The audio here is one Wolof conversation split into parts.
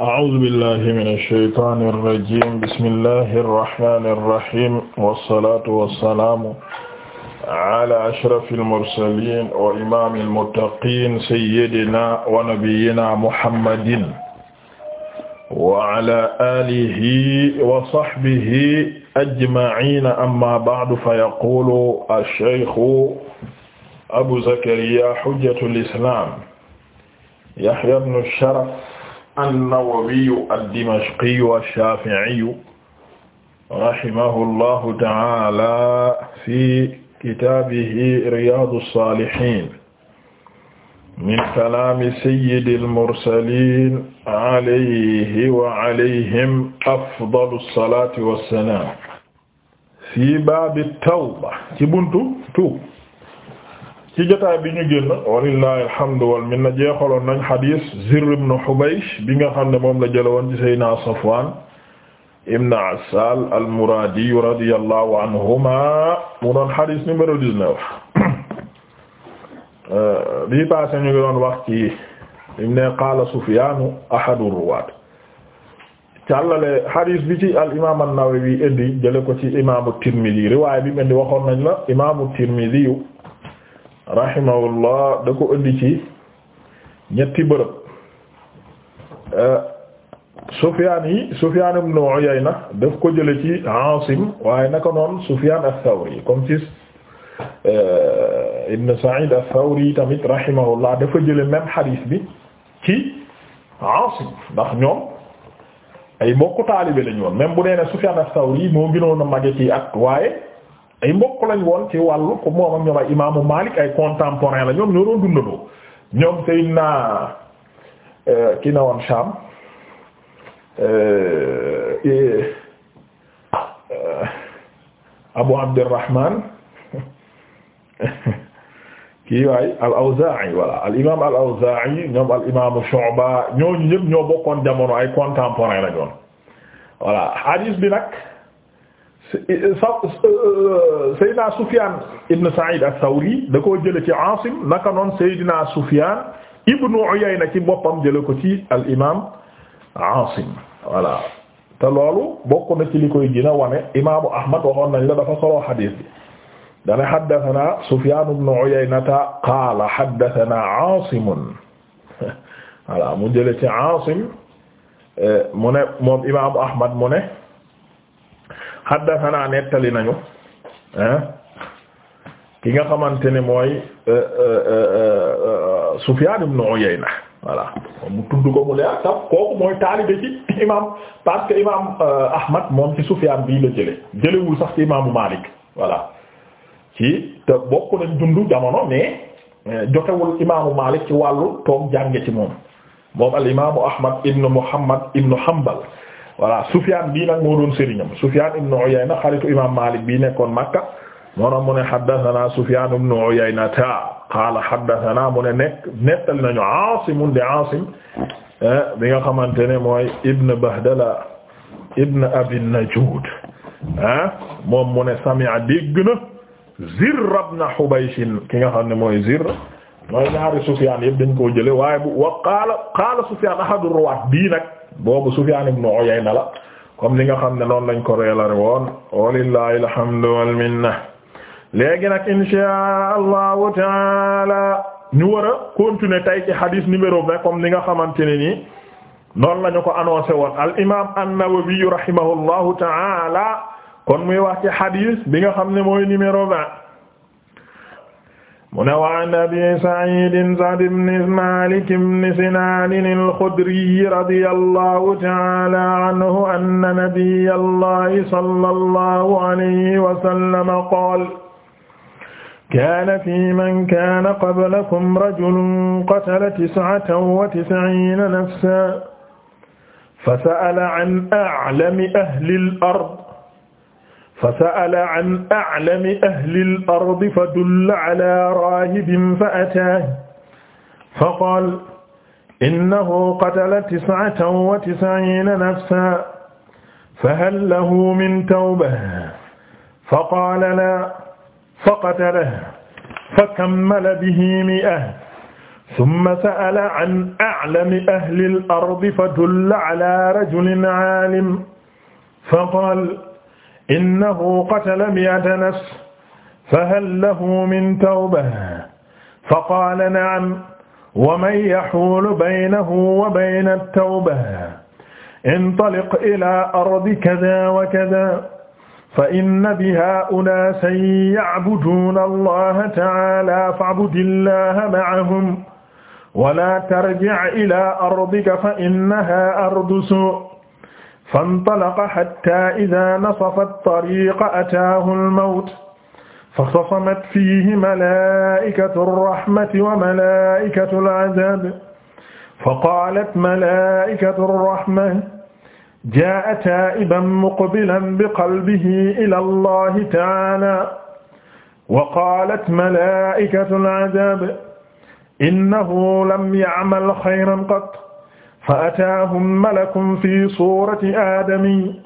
أعوذ بالله من الشيطان الرجيم بسم الله الرحمن الرحيم والصلاة والسلام على أشرف المرسلين وإمام المتقين سيدنا ونبينا محمد وعلى آله وصحبه أجمعين أما بعد فيقول الشيخ أبو زكريا حجة الإسلام يحيى بن الشرف an-Nawawiyu ad-Dimashqiyu ash-Shafi'iyu rahimahullahu ta'ala fi kitaabihi Riyaadu s-Saalihiin min kalaami sayyidil mursaliin alayhi wa alayhim afdalu salaati wa salaam. fi baabi tawba ci buntu tuub. ci jotaay bi ñu génn walillahi alhamdu wal minna jeexaloon nañ xadiis Zirr ibn Hubaysh bi nga xam ne moom la jële woon ci Seydina Safwan ibn Assal al-Muradi radiyallahu anhuma mu doon xadiis numéro 19 euh, bii passé ñu ngi doon wax ci im ne qaala Sufyaanu ahadu ruwaat càllale xadiis bi ci al imaam an-Nawawi indi jële ko ci imaamu Tirmidi riwaay bi waxoon nañ la imaamu Tirmidi rahimahullah da ko indi ci ñetti bërëb euh, Sufyaan yi Sufyaan ibn na daf ko jële ci waaye naka noon Sufyaan ath-Thawri comme ci euh, Ibn Sa'id ath-Thawri tamit rahimahullah dafa jële même hadith bi ci Aasim ndax ñoom ay mbokku taalibe lañu woon même bu nee ne Sufyaan ath-Thawri moo gënoon a mage ci at waaye ay mbokk lañ woon ci wàllu ko moom ak ñoom ay imaamu Malik ay contemporain la ñoom ñoo doon dundandoo euh, ki na woon Sham euh, euh, Abu Abdurrahman kii waay al-Awzaa'i voilà al imaam al-Awzaa'i ñoom al imaamu Shu'ba ñooñu ñëpp ñoo bokkoon jamono ay contemporain la ñoon hadith bi nag. Eh, eh, eh, Seydina Sufyan ibn Sa'id ath-Thawri da koo jële ci Asim naka noon Seydina Sufyan ibn Uyayna ci boppam jële ko ci al imam Asim voilà te loolu bokk na ci li koy gën a wane imaamu Ahmad waxoon nañ la dafa solo xadiis bi dana haddathana Sufyan ibn Uyaynata qaala haddathana Asim voilà mu jële ci Asim mu ne moom imaamu Ahmad mu ne xaddasanaa nettali nañu ki nga xamante ne mooy euh, euh, euh, Sufyaan ibn Uyayna voilà mu tudd ko mu leer tam kooku mooy taalibe ci imam parce que Ahmad moom ci Sufyaan bii la jële jëlewul sax ci imaamu Maalik voilà ci te bokk nañ dund jamono mais jotewul imaamu Maalik ci wàllu toog jànge ci moom moom al imaamu Ahmad ibn Muhammad ibn Hanbal voilà Sufyaan bii nag moo doon sëriñam Sufyaan ibn Uyayna xaritu imaam Maalik bii nekkoon Makka moo tax mu ne haddathana Sufyaan ibn Uyayna qaala haddathana mu ne nekk nettali nañu Aasim di Aasim eh, bi nga xamante ne mooy Ibn Bahdala Ibn Abi Najuud ah moom mu ne sami'a dégg na Zirr ibn Hubaysh ki nga xam ne mooy Zirr mooy ñaari Sufyaan yëpp dañ koo jëlee waaye bu wa qaala qaala Sufyaan ahadu ruwaat bii nag. boobu Sufyaan ibn Uyayna la comme li nga xam ne noonu lañ ko reelare woon walillahi alhamdu wal minna léegi nag insha allahu taala ñu war a continuer tay ci hadith numéro vingt comme ni nga xamante ne nii noonu la ñu ko annoncé woon al imam an-Nawawi rahimahullahu taala kon muy wax ci hadith bi nga xam ne mooy numéro mu ne waan abi saidin Sa'd ibn Maalik ibn Sinaan al-Xudri radiyallahu ta'ala anhu anna nabiyyallahi sallallahu alayhi wa sallam qaala kaana fii man kaana qablakum rajulun qatala tis'atan wa tis'iina nafsan fasa'ala an a'lami ahli al-ard fasa'ala an a'lami ahli al-ardi fadulla ala raahibin fa'ataahu faqaala innahu qatala tis'atan wa tis'iina nafsan fahal lahu min tawbatin faqaala laa faqatalahu fakammala bihi mi'atan summa sa'ala an a'lami ahli al-ardi fadulla ala rajulin 'aalim faqaala innahu qatala mi'ata nafs fahal lahu min tawba fa qaala na'am wa man yahulu baynahu wa bayna at-tawba intaliq ila ardi kaza wa kaza fa inna biha unaasan ya'buduuna allaha ta'aala fa'budi llaha ma'ahum wa laa tarji' ila ardika fa innahaa ardu suu' فانطلق حتى إذا نصف الطريق أتاه الموت فخصمت فيه ملائكة الرحمة وملائكة العذاب فقالت ملائكة الرحمة جاء تائبا مقبلا بقلبه إلى الله تعالى وقالت ملائكة العذاب إنه لم يعمل خيرا قط fa ataahum malakun fi suurati aadami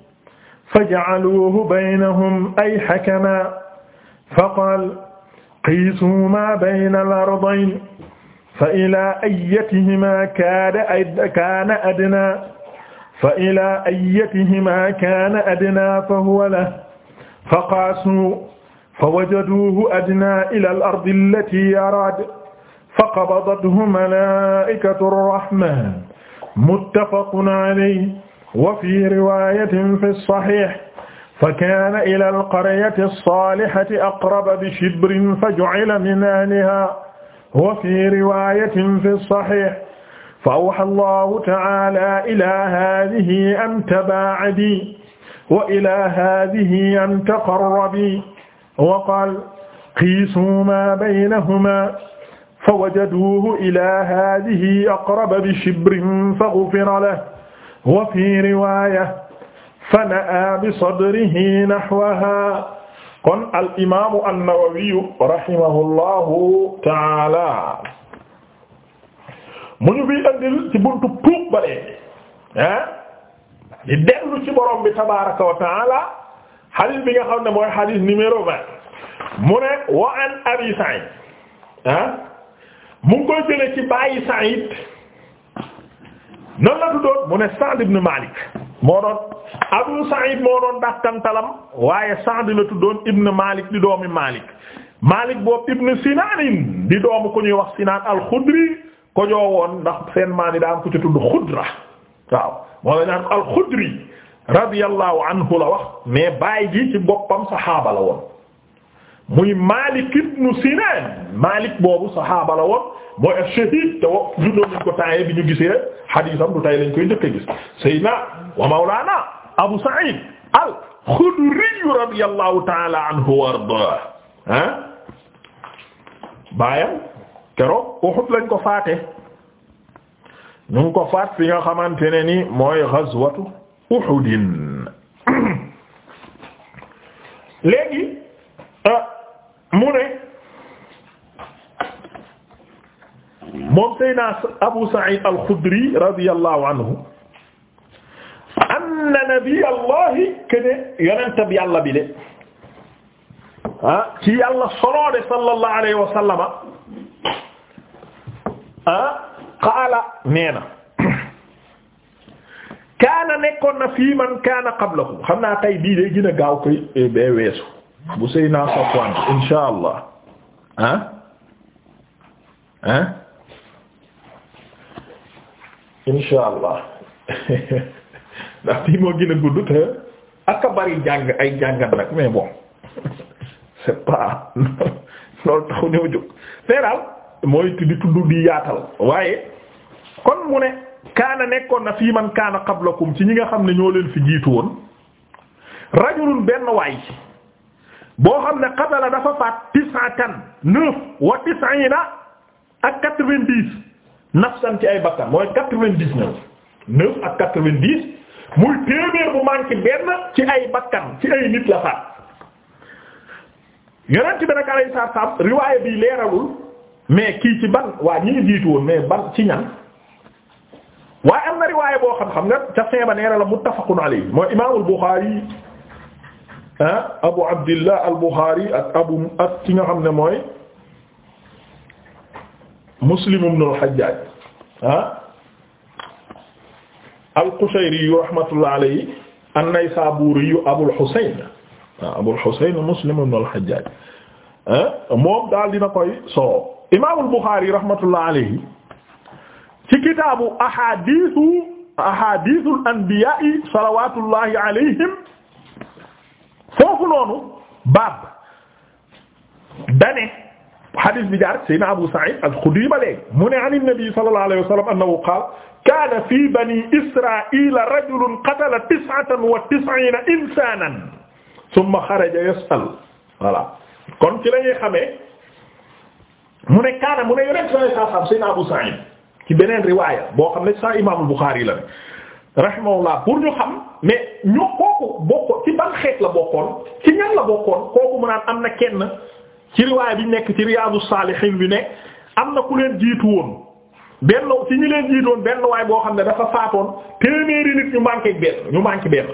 faja'aluuhu baynahum ay hakaman faqaala qiisuu maa bayna al-ardayni fa ilaa ayyatihimaa kaana adnaa fa ilaa ayyatihimaa kaana adnaa fahuwa lahu faqaasuu fawajaduuhu adnaa ilal ardi allatii araada faqabadathu malaa'ikatu rahmaan muttafaqun alayhi wa fi riwaayatin fi saxiix fa kaana ilal qaryati saalihati aqraba bi shibrin fa ju'ila min ahlihaa wa fi riwaayatin fi saxiix fa awhaa Allahu ta'aalaa ilaa haadihi an tabaa'adii wa ilaa haadihi an taqarrabii wa qaala qiisuu maa baynahumaa fa wajaduuhu ilaa haadihi aqraba bi shibrin fa gufira lahu wa fii riwaaya fa na'aa bi sadrihi nahwahaa kon al imaamu an-Nawawi rahimahullahu taala mu ñu fiy andil ci buntu tuub ba léegi ah di dellu ci borom bi tabaaraka wa taala xadis bi nga xam ne mooy xadis numéro vingt mu ne wa an Abi Sa'id ah. mu koy jëlee ci bàyyi Sa'id noonu la tuddoon mu ne Sa'd ibn Malik moo doon Abu Sa'id moo doon dakkantalam waaye Sa'd la tuddoon ibn Malik di doomi Malik Malik boobu ibn Sinaanin di doomu ku ñuy wax Sinaan al-Xudri ko joowoon ndax seen maa ni daa am ku tudd Xudra waaw moo la ñu am al-Xudri radiyallahu la wax mais baay ji ci boppam saxaaba la woon. muy Malik ibn Sinan Malik boobu saxaaba la woon mooy ash-shahid te wo juddoon nañ ko temps bi ñu gisee xadiisam wa Mawlana Abu Sa'id al-Khudri radiyallahu ta'ala anhu wa ardaah ah baayam keroog Uhud lañ faate ñu faat fi nga xamante ne ni mooy ghazwatu Uhudin léegi euh, mu ne moom Seydina Abu Sa'id al-Khudri radiyallahu anhu anna nabiyallahi kene yonentab yàlla bi de ah ci yàlla soloo de sallallahu alayhi wa sallama ah qaala nee na kaana nekkoon na fii man kaana qablahu xam naa tey bii day gën a gaaw koy eh, bee weesu bu Seydina Safwan insha allah ah ah insha allah ndax bii moo gën a gudd te ak a bari jàng ay jàngat nag mais bon c'est pas loolu taxu ñëw jóg tey daal mooy di tudd di yaatal waaye kon mu ne kaana nekkoon na fii man kaana qablakum ci ñi nga xam ne ñoo leen fi jiitu woon rajulun benn waay boo xam ne qatala dafa faat tis'atan neuf wa tis'ina ak quatre vingt nafsan ci ay bakkan mooy quatre-vingt-dix-neuf neuf ak quatre vingt muy téeméer bu manqué benn ci ay bakkan ci ay nit la faat yonent bi nag alayhi salaam riwaaya bi leeralul mais kii ci ban waa ñi ngi woon mais ban ci ñan waaye am na riwaaya boo xam xam nga ca feeba neera la muttafaqun alayhi mooy imaamul Buxaari abu abdillah al buxaari ak abu ak ki nga xam ne mooy muslim ibn al hajjaj ah al qushayri yu rahmatullah alayhi an naysaburi yu abul husayn ah abul husayn muslim ibn al hajjaj moom daal dina koy solo imaamul buxaari rahmatullah alayhi ci kitaabu ahadiisu ahadiisul anbiyaa'i salawaatullahi alayhim foofu noonu baab dane xadis bi jaar Seydina Abu Sa'id al-Khudri ba léegi mu ne an an-nabi sallallahu alayhi wa sallam annahu qaala kaana fii banii Israa'iila rajulun qatala tis'atan wa tis'iina insaanan summa xaraja yas'al voilà kon ci la ñuy xamee mu ne kaana mu ne yonent sallallahu alayhi wa sallam Seydina Abu Sa'id ci beneen riwaaya boo xam ne sa Imaam al-Bukhari la rahimahullah pour ñu xam mais ñu kooku bokk ci ban xeet la bokkoon ci ñan la bokkoon kooku mu naan am na kenn ci riwaay bi nekk ci riyaadu saalihiin bi ne am na ku leen jiitu woon benn ci ñu leen jiitu benn waay boo xam ne dafa faatoon téeméeri nit ñu manqué benn ñu manqué benn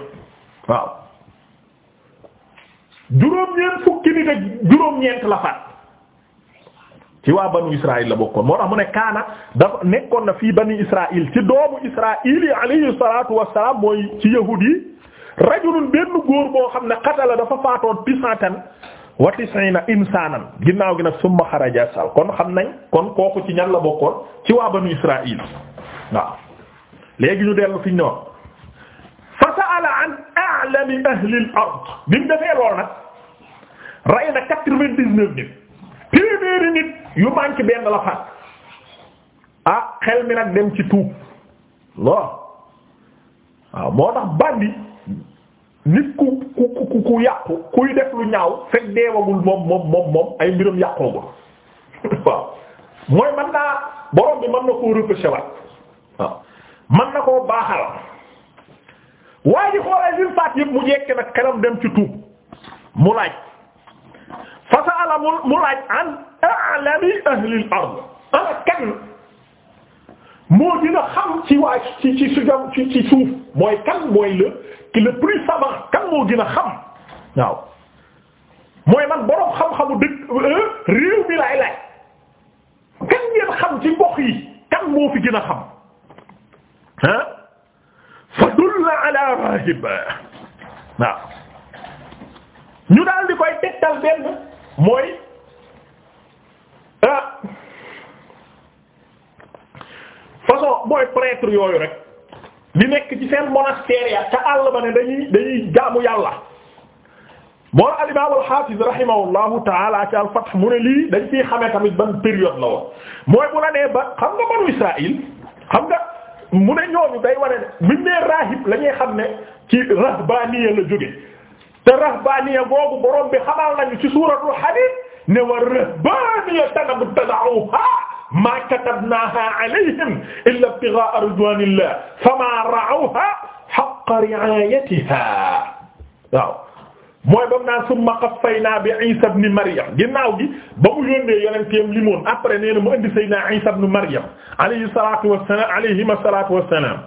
waaw juróom-ñeent fukki nit ak juróom-ñeent la faat ci waa banu Israaïl la bokkoon moo tax mu ne Kaana nekkoon na fii banu Israaïl ci doomu Israaïl yi ci yahuudi yi rajulun góor boo xam ne qatala dafa faatoon tisatan wa tisina insaanan ginnaaw gi nag summa xaraja sal kon xam nañ kon kooku ci ñan la bokkoon ci waa banu Israaïl waaw ñu dellu fi ñu noonu fa sa'ala an a'lami ahli ard bi mu defee lool nag rey na quatre-vingt-dix-neuf téeméeri nit yu manqué benn la faat ah xel mi nag dem ci tuub lool waaw moo tax bandi nit ku ku ku ku yàqu kuy def lu ñaaw fekk deewagul moom moom moom ay mbiram yàqoogul waaw mooy mën naa borom bi mën na koo repêché waat waaw mën na koo baaxal waaye ji xoolal li faat yëpp mu jekke nag xelam dem ci tuub mu laaj. fa sa'ala mu laaj an a'lami ahli al-ard ana xam ci waa ci ci sujam ci ci suuf mooy kan mooy le ki le plus savant moo gën a xam mooy man boroom xam-xamu dëkk euh, réew mi laay laaj kan xam ci gox yi moo fi gën a xam fa dulla ala rahib waaw ñu daal di koy tegtal benn mooy ah façon mooy prêtre yooyu rek li nekk ci seen monastère ya ca àll ba ne dañuy dañuy jaamu yàlla moo al imaam al hafiz rahimahullahu taala ci al mu ne lii dañ ciy xamee tamit ban période la woon mooy bu la nee ba xam nga banu Israël xam nga mu ne ñooñu day wane ne buñ nee rahib la xam ne ci rahbaniya la jóge te rahbaaniya googu borom bi xamal nañu ci suuratul Hadiid ne wa rahbaaniya ibtada'uuha maa katabnaahaa alayhim illaa ibtighaa'a ridwaanillah famaa ra'awha haqqa ri'aayatihaa waaw mooy ba mu naan summa qaffaynaa bi Iisaa ibn Maryam ginnaaw gi ba mu yónnee yonenteem limoon après nee na mu indi Seydina Iisaa ibn Maryam alayhi salaatu wa salaam alayhima salaatu wa salaam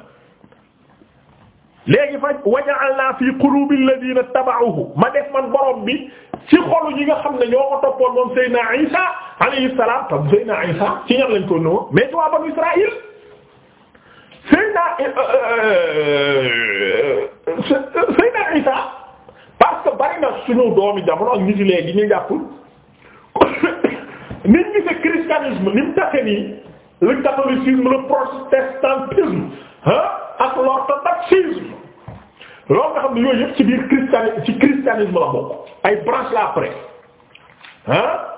léegi fa waja'alna fi qulubi alladhina taba'uhu ma def man borom bi ci xolu ñi nga xam ne ñoo ko toppoon moom Seydina Isa alayhi salaam tam Seydina Isa ci ñan lañ ko noo mais ci waa banu Israël Seydina euh, euh, euh, Seydina Isa parce que bari na suñu doomi jamono ak ñi ci léegi ñu jàpp nit ñi se christianisme ni mu taxe nii le catholicisme le protestantisme ah ak l'orthodoxisme loolu nga xam ne ci biir christian ci ay branche la après ah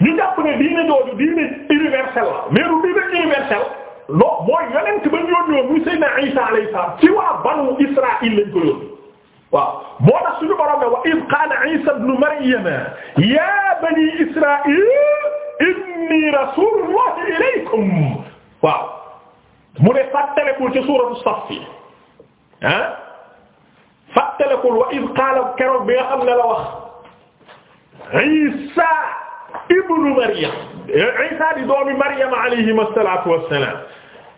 ñu jàpp ne diine jooju diine universelle la mais du diine universelle non mooy yonent ba ñu yónni woon muy Seydina Isa banu Israël lañ ko yónni waaw moo tax suñu borom ne wa iz qaala Isa ibnu Maryama yaa banii inni rasuulullahi ilaykum waaw mu ne fàttaliku ci ah fàttalekul wa iz qaala keroog bi nga xam ne la wax Isa ibnu Maryam Isa di doomi Maryam alayhi salaatu wassalaam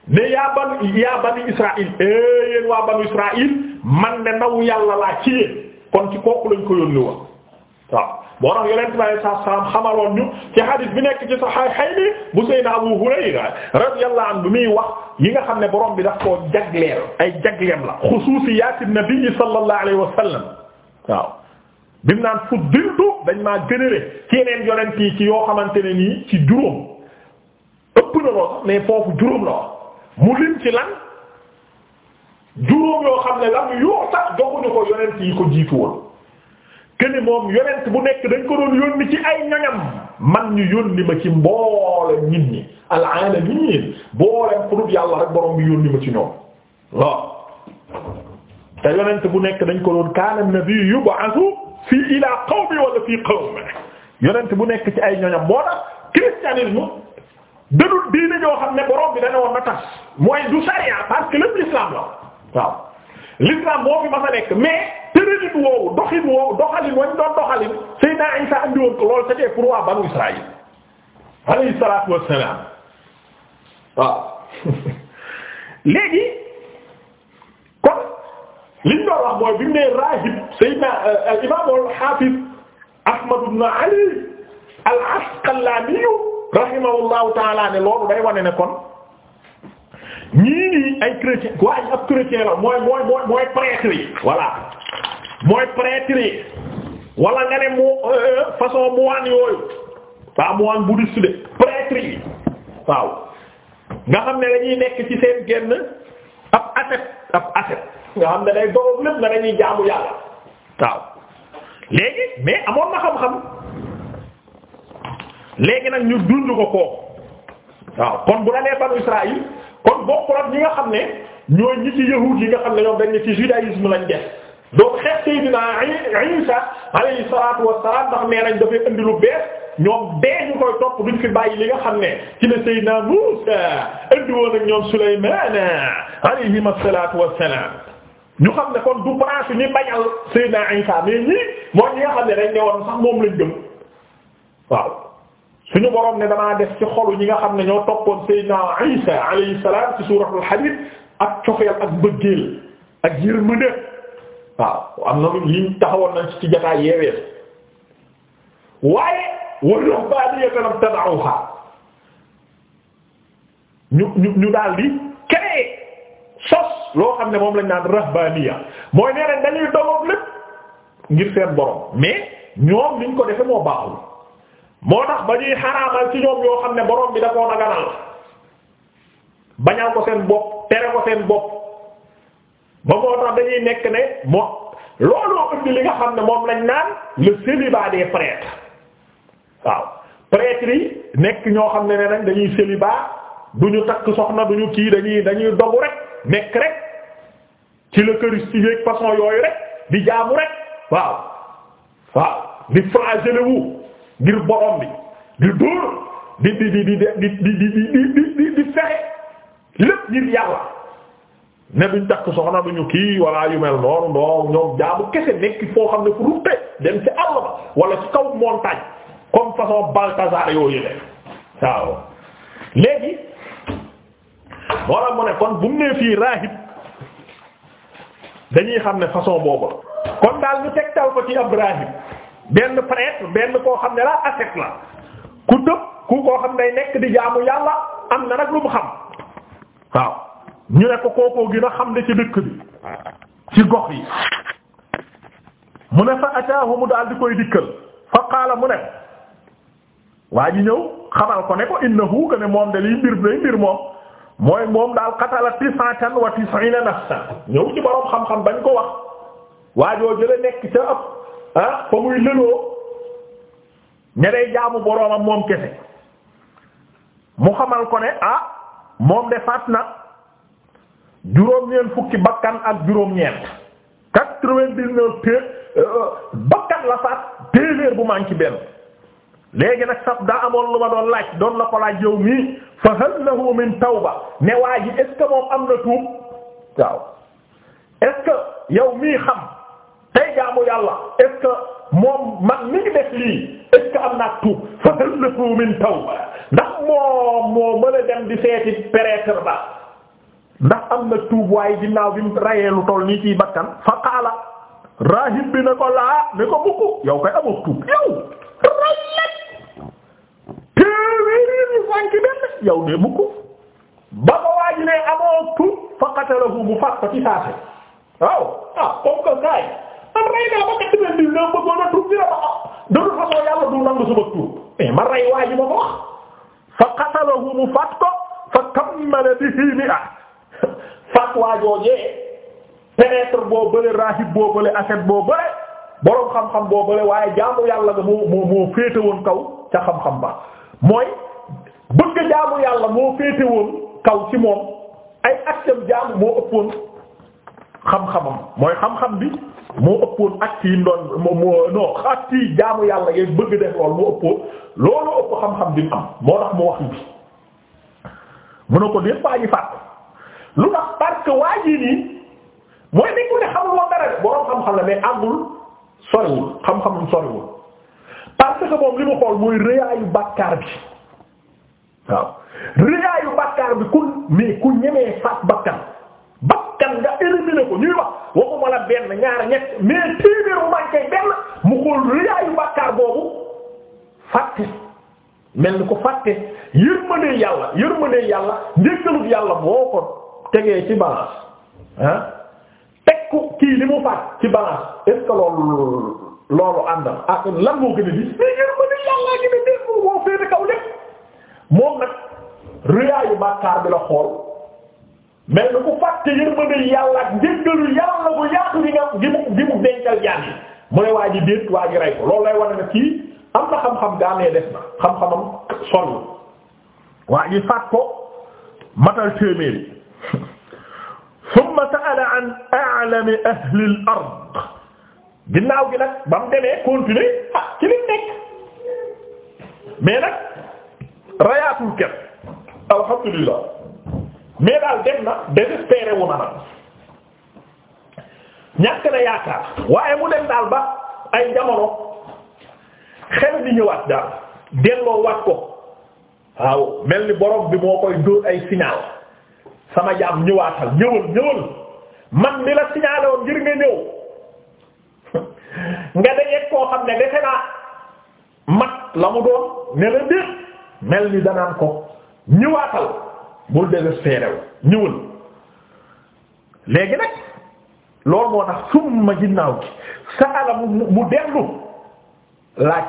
ne yaa ban yaa bani Israaïl eh yéen waa banu Israaïl man de ndaw yàlla laa ci yéen kon ci kooku lañ ko yónni woon waaw boo tax yonent bi alayhi salaatu salaam xamaloon ñu ci hadith bi nekk ci Sahihayni bu Seydina Abu Hurayra radiyallahu anhu bi muy wax yi nga xam ne borom bi daf koo jagleel ay jagleem la xusuusiyaat an-nabi sallallahu alayhi wa sallam waaw bi mu naan fuddiltu dañ maa gënëre ci yeneen yonent yi ci yoo xamante ne nii ci juróom ëpp na loo sax mais foofu juróom la wax mu lim ci lan juróom yoo xam ne lam yoo tax joxuñu ko yonent yi ko jiitu woon kene moom yonent bu nekk dañ ko roon yónni ci ay ñoñam man ñu yónni ma ci mboole nit ñi alaalamiin booleem ku dul yàlla rek borom bi yónni ma ci ñoom waaw te yonent bu nekk dañ ko doon kaana nabiyyu yub'athu fii ila qawmi wala fii qawmi yonent bu nekk ci ay ñoñam moo tax christianisme dadul diine ñoo xam ne borom bi dana woon na tas mooy du sariya parce que lépp l'islam la waaw l'islam moo fi mas a nekk doxin woowu doxalin wañ doon doxalin Seydina Isa andi woon ko loolu c'était pour waa banu Israël alayhi salaatu wassalaam waaw léegi kon liñ doon wax mooy rahib Seydina euh, al imam al Ahmad ibn Ali al Asqalani rahimahullahu ta'ala ne loolu day wane ne ñii nii ay chrétien waaye ab chrétien la mooy mooy mooy mooy prêtre yi voilà mooy prêtre yi wala nga ne moo euh, euh, façon moine yooyu waa moine bouddhiste de prêtre yi waaw nga xam ne dañuy nekk ci seen genn ab ascète ab ascète nga xam ne day doog lépp nga dañuy jaamu yàlla waaw léegi mais amoon na xam-xam léegi nag ñu dund ko koo waaw kon bu la nee banu Israël kon bokkul ak ñi nga xam ne ñooy ñi ci yi nga xam ne ñoom dañ ne ci judaïsme lañ def donc xeex Seydina Isa alayhi salaatu wassalaam ndax nañ dafay indi lu bees ñoom dee ñu koy li nga xam ne ci la Seydina Muusa indi woon ak ñoom Sulaymaan alayhi salaatu wassalaam ñu xam ne kon du branche ñi bañal Seydina Isa mais ñi nga xam ne dañ ne woon sax moom lañ gëm suñu borom ne damaa def ci xolu ñi nga xam ne ñoo toppoon Seydina Isa alayhi salaam ci suuratul Hadiid ak cofeel ak bëggeel ak yërmande waaw am na lu liñ taxawoon nañ ci jotaay yeewee waaye wa ruhbaaniyyatan ibtada'uuhaa ñu ñu ñu daal di créer sos loo xam ne moom lañ naan rahbaaniya mooy nee dañuy dogoog lépp ngir seen borom mais ñoom niñ ko defe moo baaxul. moo tax ba ñuy xaraamal ci ñoom yoo xam ne boroom bi da koo naganal bañal ko seen bopp tere ko seen bopp ba moo tax dañuy nekk ne moo looloo indi li nga xam ne moom lañ naan le célibat des prêtres waaw prêtres yi nekk ñoo xam ne ne nañ dañuy célibat du ñu takk soxna duñu kii dañuy dañuy dogu rek nekk rek ci la eucharistie ak façon yooyu rek di jaamu rek waaw waaw di flageller wu ngir borom bi di dóor di di di di di di di di fexe lépp ngir yàlla ne duñ takk soxna duñu kii walla yu mel noonu non ñoom jaabu kese nekk foo xam ne fu rutte dem ci àll ba wala ci kaw montagne comme façon Balthazar yooyu def waaw léegi wala mu ne kon bu mu nee fii raahib dañuy xam ne façon boobu kon daal ñu tegtal ko ci ab benn prêtre benn koo xam ne la ascète la ku tëb ku koo xam ne nekk di jaamu yàlla am na nag lu mu xam waaw ñu ne ko kookoo gën a xam ne ci dëkk bi ci gox yi mu ne fa ataahu mu daal di koy dikkal fa qaala mu ne waa ji ñëw xamal ko ne ko innahu que ne moom de liy mbir day mooy moom daal qatala tis'atan wa tis'ina nafsan ñëw ci boroom xam-xam bañ ko wax waajoo jële nekk ca ëpp ah fa muy lëloo ña jaamu boroomam moom kese mu xamal ko ne ah moom de faat na juróom-ñeent fukki bakkan ak juróom-ñeent quatre-vingt-dix-neuf te euh, la faat bu manqué benn léegi nag sab daa amoon lu ma doon laaj doon la ko laaj yow mii fa hal lahu min tawba ne waa ji moom am na tuub waaw est yow mii xam tey jaamu yàlla est moom man mi ngi def lii est am naa tuub fa hal lahu min ndax moom moo mën a dem di seeti prêtre ba ndax am na tuub waaye ginnaaw bi mu rayee lu toll nii ci bakkan fa qaala rahib bi ne ko laa ne ko mukk yow kay amoo tuub yow rayet téeméeri ñu fànki benn yow ne mukk ba ko waaji ne amoo tuub fa qatalahu mu faat ko ci saase waaw ah comme que gaay man rey naa ba quatre vingt la ma du nangu sama tuub mais rey waa ji ma ko wax fa qatalahu mu faat ko fa kammala bihi mi'a faat waa joojee pénètre boo bële rahib boo bële asset boo bële boroom xam-xam boo bële waaye jaamu yàlla nga moo moo féete woon kaw ca xam-xam ba mooy bëgg jaamu yàlla moo féete woon kaw ci moom ay actam jaamu moo ëppoon xam-xamam mooy xam-xam bi moo ëppoon ak yi mu doon moo non ak yi jaamu yàlla yeeg bëgg def lool moo ëppoon loolu ëpp xam-xam bi mu am moo tax mu wax yi mu ne ko lépp waa xam-xam la mais àggul soriwul xam-xamum soriwul parce que moom li mu xool mooy rëyaayu bàkkaar bi waaw rëyaayu bàkkaar bi ku mais ku ñemee faat bakkan bakkan nga éliminer ko ñuy wax. ma la benn ñaar ñett mais téeméeru manqué benn mu xool riyaayu bàkkaar boobu fàtte mel ni ko fàtte yërmande yàlla yërmande yàlla njéggalut yàlla boo ko tegee ci balance ah teg ko kii li mu faat ci balance est-ce que loolu loolu àndal ah lan moo gën a gis mais yërmande yàlla gi ne dégg boo féete kaw lépp moom nag riyaayu bàkkaar bi la xool. mais lu ko fàtte yërmande yàlla ak njëggalu yàlla bu yaatu gi nga gi mu gi mu dencal jaam yi mu ne loolu lay wane ne kii am na xam-xam daanee des na xam-xamam sol waa ji faat ko matal téeméeri summa sa'ala an a'lami ahli al-ard ginnaaw gi nag ba mu demee continuer ah ci li nekk mais daal dem na désespéré wu na nag ñàkk na yaakaar waaye mu dem daal ba ay jamono xel di ñëwaat daal delloo waat ko waaw mel ni borom bi moo koy dóor ay signal sama jaam ñëwaatal ñëwal ñëwal man mi la signalé ngir nga ñëw nga dajeeg koo xam ne defe naa mat la mu doon ne la mel ni danaan ko ñëwaatal. bul désespéré wu ñëwal léegi nag loolu moo tax summa mu mu dellu laaj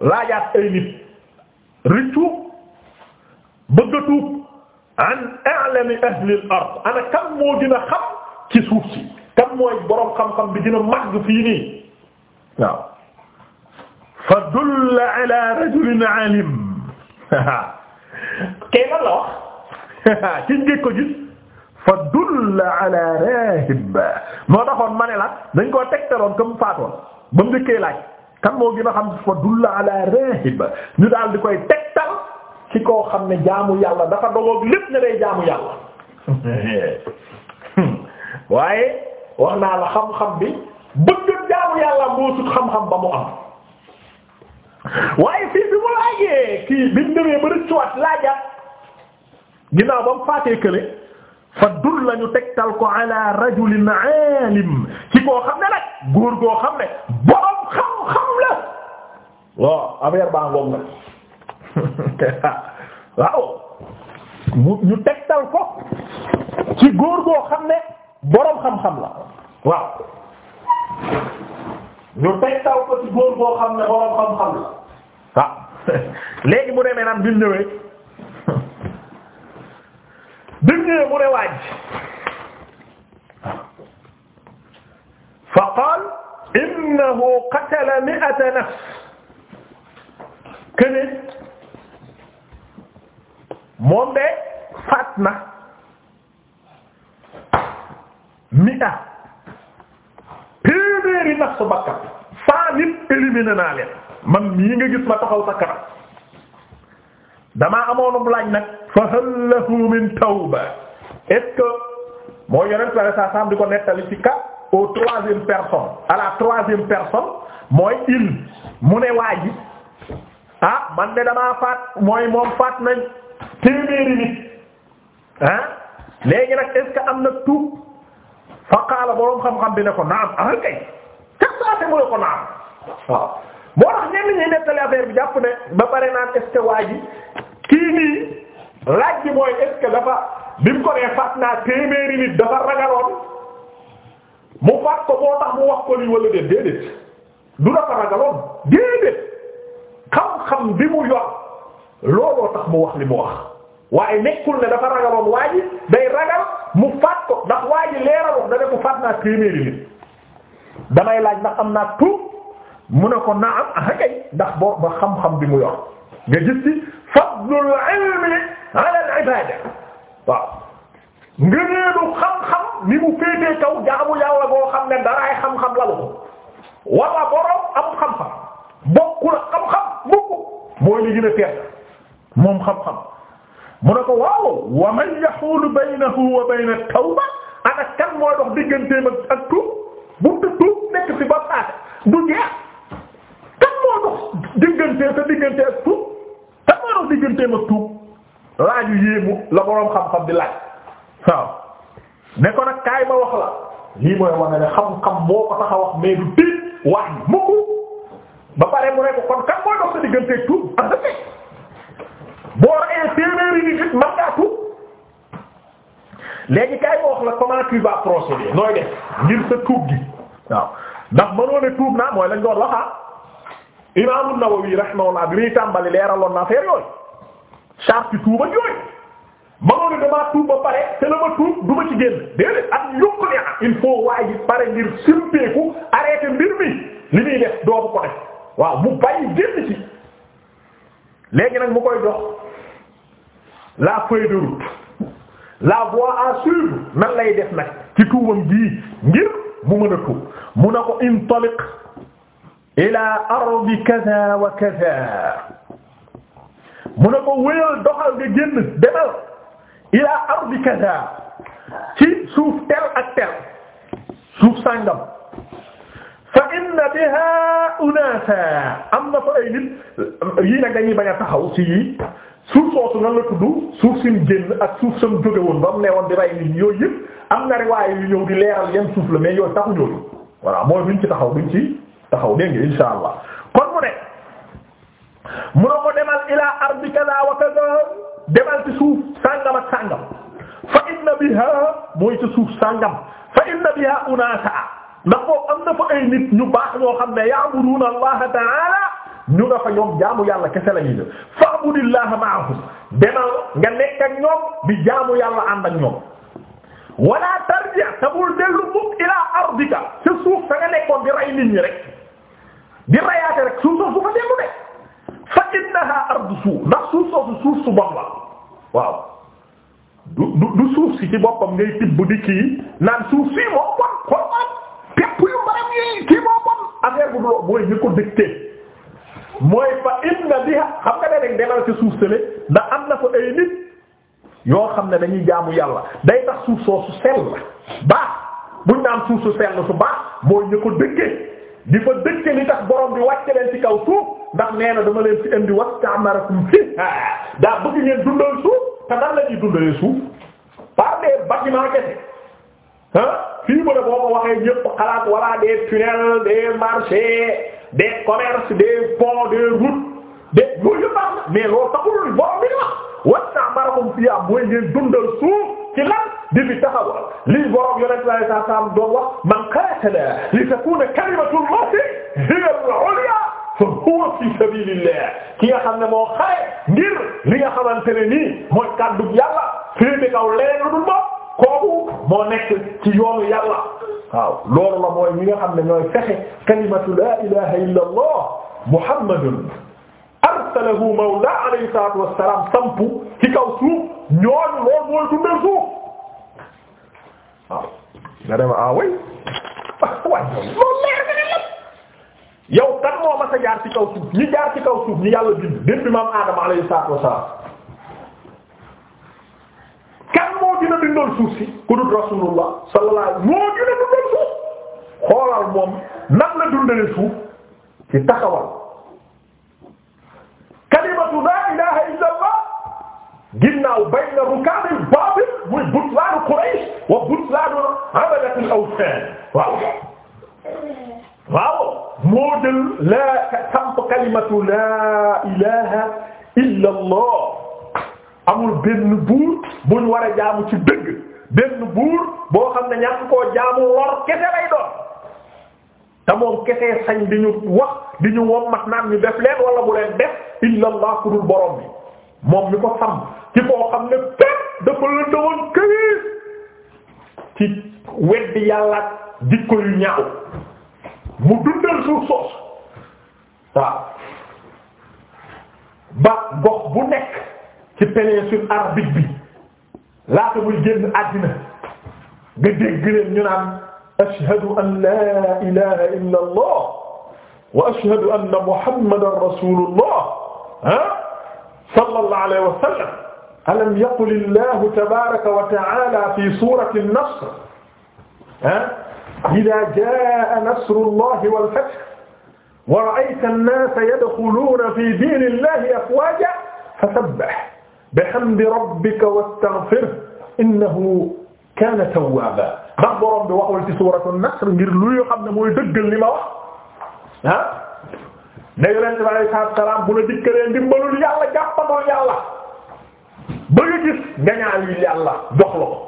laajaat ay nit rëccu bëgg a tuub an a'lami ahli al-ard ana kan moo gën a xam ci suuf si kan mooy boroom xam-xam bi gën a màgg fii alim kay lan la wax ci ngeen ko gis fa dulla ala rahib moo taxoon ma ne la dañ koo tegtaloon comme faatoon ba mu njëkkee laaj kan moo gën a xam fa dulla ala rahib ñu daal di koy tegtal ci koo xam ne jaamu yàlla dafa dogoog lépp ne day jaamu yàlla waaye wax naa la xam-xam bi bëgg jaamu yàlla moo sut xam-xam ba mu am waaye fii bi mu laajee kii bi mu demee ba rëccuwaat laajaat ginnaaw ba mu faatee kële fa dul lañu tegtal ko ala rajulin alim ci koo xam ne nag góor goo xam ne borom xam-xam la waaw affaire baa ngoog ko ci góor goo xam ne borom xam-xam la waaw ñu tegtal ko ci góor goo xam ne borom xam-xam la. waaw ah. léegi mu demee naan bi mu ñëwee bi mu ñëwee waaj fa qaal innahu qatala mi'ata nafs kene moom de faat na mi'a nafs bakkat fa nit éliminé naa leen man mii nga gis ma taxaw sa kanam damaa amoonum laaj nag fa hal lahu min tawba est-ce que moo yonent la sa sam di ko nettali ci ka au troisième personne à la troisième personne mooy il mu ne waa ji ah man de damaa faat mooy moom faat nañ téeméeri nit ah léegi nag est-ce que am na tuub fa qaala boroom xam-xam bi ne ko naam ah kay tax saate mu ne ko naam waaw moo tax ñenn ñi nettali affaire bi jàpp ne ba pare naan est ce que kii nii laaj bi mooy est dafa bi mu ko nee faat naa téeméeri nit dafa ragaloon mu faat ko moo tax mu wax ko lii wala déet déedéet du dafa ragaloon déedéet xam-xam bi mu yor looloo tax mu wax li mu wax waaye nekkul ne dafa ragaloon waa ji day ragal mu faat ko ndax waa ji leeral wax da ne mu faat naa téeméeri nit damay laaj ndax am naa tout. mu ne ko naam akay ah ndax boo ba xam-xam bi mu yor nga gis ci fadlul ilmi ala al ibada waaw ngëneelu xam-xam ni mu féetee kaw jaamu yàlla boo xam ne daraay xam-xam lalu ko wala borom am xam-xam bokkul xam-xam bokku mooy li gën a teel moom xam-xam mu ne ko waaw wa man yahulu baynahu wa bayna tawba ana kan mooy dox digganteem ak tuub bu tuub nekk fi ba paase du jeex diggantee sa diggantee ak tuub te maanaam digganteem ak tuub laaju yéemu la boroom xam-xam di laaj waaw ne ko nag ma wax la lii mooy wax ne xam-xam moo ko tax wax mais du tiit wax mukk ba pare mu ne ko kon kan mooy dox sa digganteeg tuub am na fi boo reyee téeméeri nit it mën ngaa ma wax la comment tu vas procéder nooy def ngir sa tuub gi waaw ndax mënoo ne tuub naa mooy lañ doon wax ah. Imaamu Nawawi rahimahullah bi muy tàmbali leeraloon na affaire yooyu charte tuuba yooyu mënoon damaa tuub pare te la ma tuub du ci génn déedéet ak yokku ne ah, il faut waa ji pare ngir simpeeku arrêté mbir mi li muy def doobu ko def waaw bu bàyyi génn ci léegi nag mu koy jox la feuille de route la voie à suivre nan lay def nag ci tuubam bii ngir mu mën a tuub mu na ko intaliq ila ardi kaza wa kaza mu ne ko wéyal doxal nga génn demal ila ardi kaza ci suuf tel ak tel suuf sàngam fa inna biha unasa am na fa ay nit yii nag dañuy bañ a taxaw ci yii suuf soosu nan la tudd suuf sim génn ak suuf sam jóge woon ba mu ne woon di rey nit yooyu am na riwaay yu ñëw di leeral suuf la mais yooyu taxu ñooyu voilà mooy duñ ci taxaw duñ ci taxaw dégg nga insha allah mu ne mu demal ilaa ardi kaza wa kaza demal ci suuf ak sàngam fa inna biha mooy ci suuf sàngam fa biha unaasa ndax boobu am na fa ay nit ñu baax ñoo xam ne ya'buduna allaha ta'ala ñu nga fa ñoom jaamu yàlla kese la ñuy def fa'budillaha ma'ahum demal nga nekk ak ñoom di jaamu yàlla ànd ak ñoom wala tarji' tabul dellu mukk ilaa ardika ci suuf sa nga nekkoon di rey rek di rayaate rek suuf soosu suuf su bon waaw du du suuf si ci boppam ngay tibb di kii naan suuf sii moo bon kon am pepp nga ne rek demal ci suuf sële da am na fa ay nit yoo xam ne dañuy jaamu yàlla day tax suuf soosu sell baax buñ naan suuf su sell su baax mooy ñu ko di fa dëkk li tax borom bi wàcce leen ci kaw suuf ndax nee na dama leen fi indi wastamarakum fiha daa bëgg ngeen dundal suuf te nan la ñuy dundalee suuf par des bâtiments kese ah fii mu ne waxee ñëpp xalaat walla des tunnels des marchés des commerces des ponts des routes des yooyu yëpp mais loolu taxul borom bi wax wastamarakum fiha mooy ngeen dundal suuf ci la di fi taxaw lii borom yonent bi saa saa man qaatala li takuna kalimatullahi hiya al-ulya fa huwa fi sabilillah ki nga xam ne moo ngir li nga xamante ne nii mooy kàddu yàlla féete kaw leneen lu dul bopp kooku moo nekk ci yoonu yàlla waaw loolu la mooy nga xam ne ñooy fexe illa allah muhammadun arsalahu mawla alayhi salaatu wassalaam sampu ci kaw suuf ñooñu loolu mooy dundal suuf waaw nga dem ah yow kan moo ma sa jaar ci kaw suuf ñi jaar ci kaw suuf ñi yàlla bind bind bi maam Adama alayhi salaatu wassalaam kan moo gën a suuf si ku dul Rasulullah sallallahu alayhi moo gën a dundoon suuf xoolal moom nan la dundale suuf ci taxawal kalimatu laa ilaaha illallah ginnaaw bayna rukaabil baabil muy butlaanu Quraysh fin waaw waaw moo la samp kalimatu la ilaha illa amul benn buur buñ war a jaamu ci dëgg benn buur boo xam ne ñàkk koo jaamu lor kese lay doon te moom kese sañ di ñu wax di ñu wommat naan ñu def leen wala bu leen def illa ku dul borom moom mi ko xam ci koo xam ne fépp dafa la doon këriis ci weddi yàlla jikko yu ñaaw mu dundal suuf soosu waaw ba gox bu nekk ci péninsule arabique bi laata muy génn àddina nga dégg leen ñu naan ashhadu an la ilaha illa allah wa ashhadu anna muhammadan rasulullah ah sallallahu alayhi wa sallam alam yaqul illahu tabaraka wa ta'ala fi surati an-nasr ah idha jaa nasrullahi wal fath wa ra'ayta an-nasa yadkhuluna fi dinillahi afwaja fasabbih bihamdi rabbika wastaghfirhu innahu kana tawwaba ndax borom bi waxul ci suratu an-nasr ngir lu xam ne mooy dëggal li ma wax ah ne yonent bi alayhi salaatu wa salaam bu la dikkalee ndimbalul yàlla jàppandoo yàlla ba nga gis gañaal yi yàlla jox la ko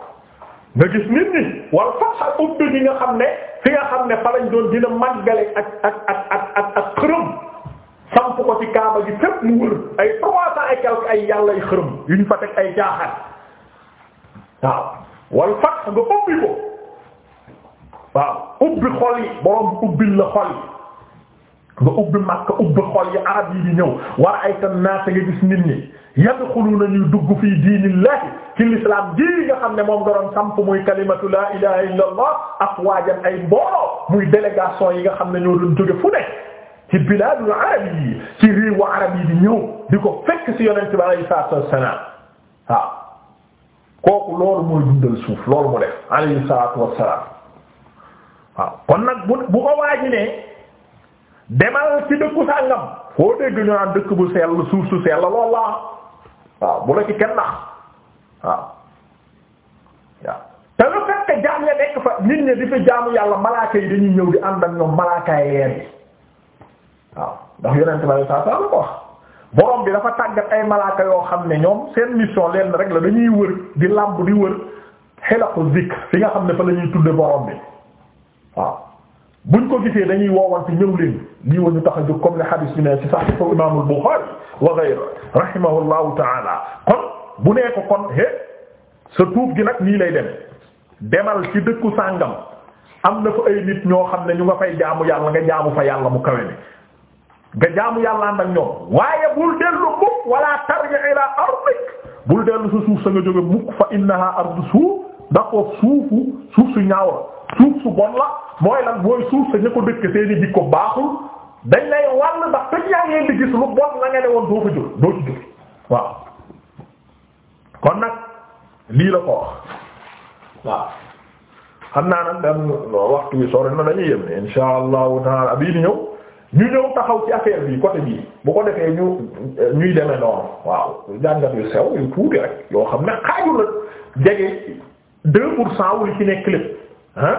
nga gis nit ñi wal faxal ubbi bi nga xam ne fi nga xam ne fa lañ doon dina màggale ak ak ak ak ak ak ko ci kaaba gi fépp mu wër ay trois cent ay yàlla ay xërëm yu ñu fa ay jaaxal waaw wal fax nga ubbi ko waaw ubbi xol yi borom ubbil la xol nga ubbi Makka ubbi xol arab yi di ñëw war ay tan naata nga gis nit yadxuluuna ñuy dugg fii diinillahi ci l'islam ji nga xam ne moom nga doon samp muy kalimatu laa ilaha illa allah afwaajan ay mbooloo muy délégation yi nga xam ne ñoo doon jóge fu ne ci bilaadul arab yi ci réewu arab yi di ñëw di ko fekk ci yonent bi alayhi salaatu wassalaam waaw kooku loolu mu def alayhi salaatu wassalaam waaw kon nag bu bu ko waaji ne demal ci dëkku sàngam bu sell suuf su sell loolu la waaw bu la ci kenn nax waaw te lu fekk jaam ya nekk fa nit ñi di fi jaamu yàlla malaaka yi dañuy ñëw di ànd ak ñoom malaakaay leer waaw ndax yonent ba saa saa la borom bi dafa tàggat ay malaaka yoo xam ne ñoom seen mission leen rek la dañuy wër di làmp di wër xelaqu zikr fi nga xam ne fa lañuy tudd tudde borom bi waaw buñ ko gisee dañuy woowante ñëw leen lii wa ñu tax a jóg comme le hadith bi ne ci sahihu imam al-Bukhari wa ghayr rahimahullahu ta'ala kon bu nee ko kon hé sa tuub gi nag nii lay dem demal ci dëkku sàngam am na fa ay nit ñoo xam ne ñu nga fay jaamu yàlla nga jaamu fa yàlla mu kawe ni nga jaamu yàlla ànd ak ñoom waaye bul dellu mukk wala tarji ila ardik bul dellu sa suuf sa nga jóge mukk fa innaha ardu suuf ndax foofu suufu suuf su ñaaw la suuf su bon mooy lan mooy suuf sa ñu ko dëkk seeni bi ko baaxul dañ lay wàll ndax dañ yaa ngeen di gis lu bon la nga doo fa jóg doo ci jóg waaw kon nag lii la ko wax waaw xam naa nag dam waxtu bi sori na dañuy yem insha allahu taala bii ni ñëw ñu ñëw taxaw ci affaire bi côté bii bu ko defee ñu ñuy demee noonu waaw jàngat yu sew yu tuuti rek yoo xam ne xaaju la jege deux pour cent wul ci nekk lépp ah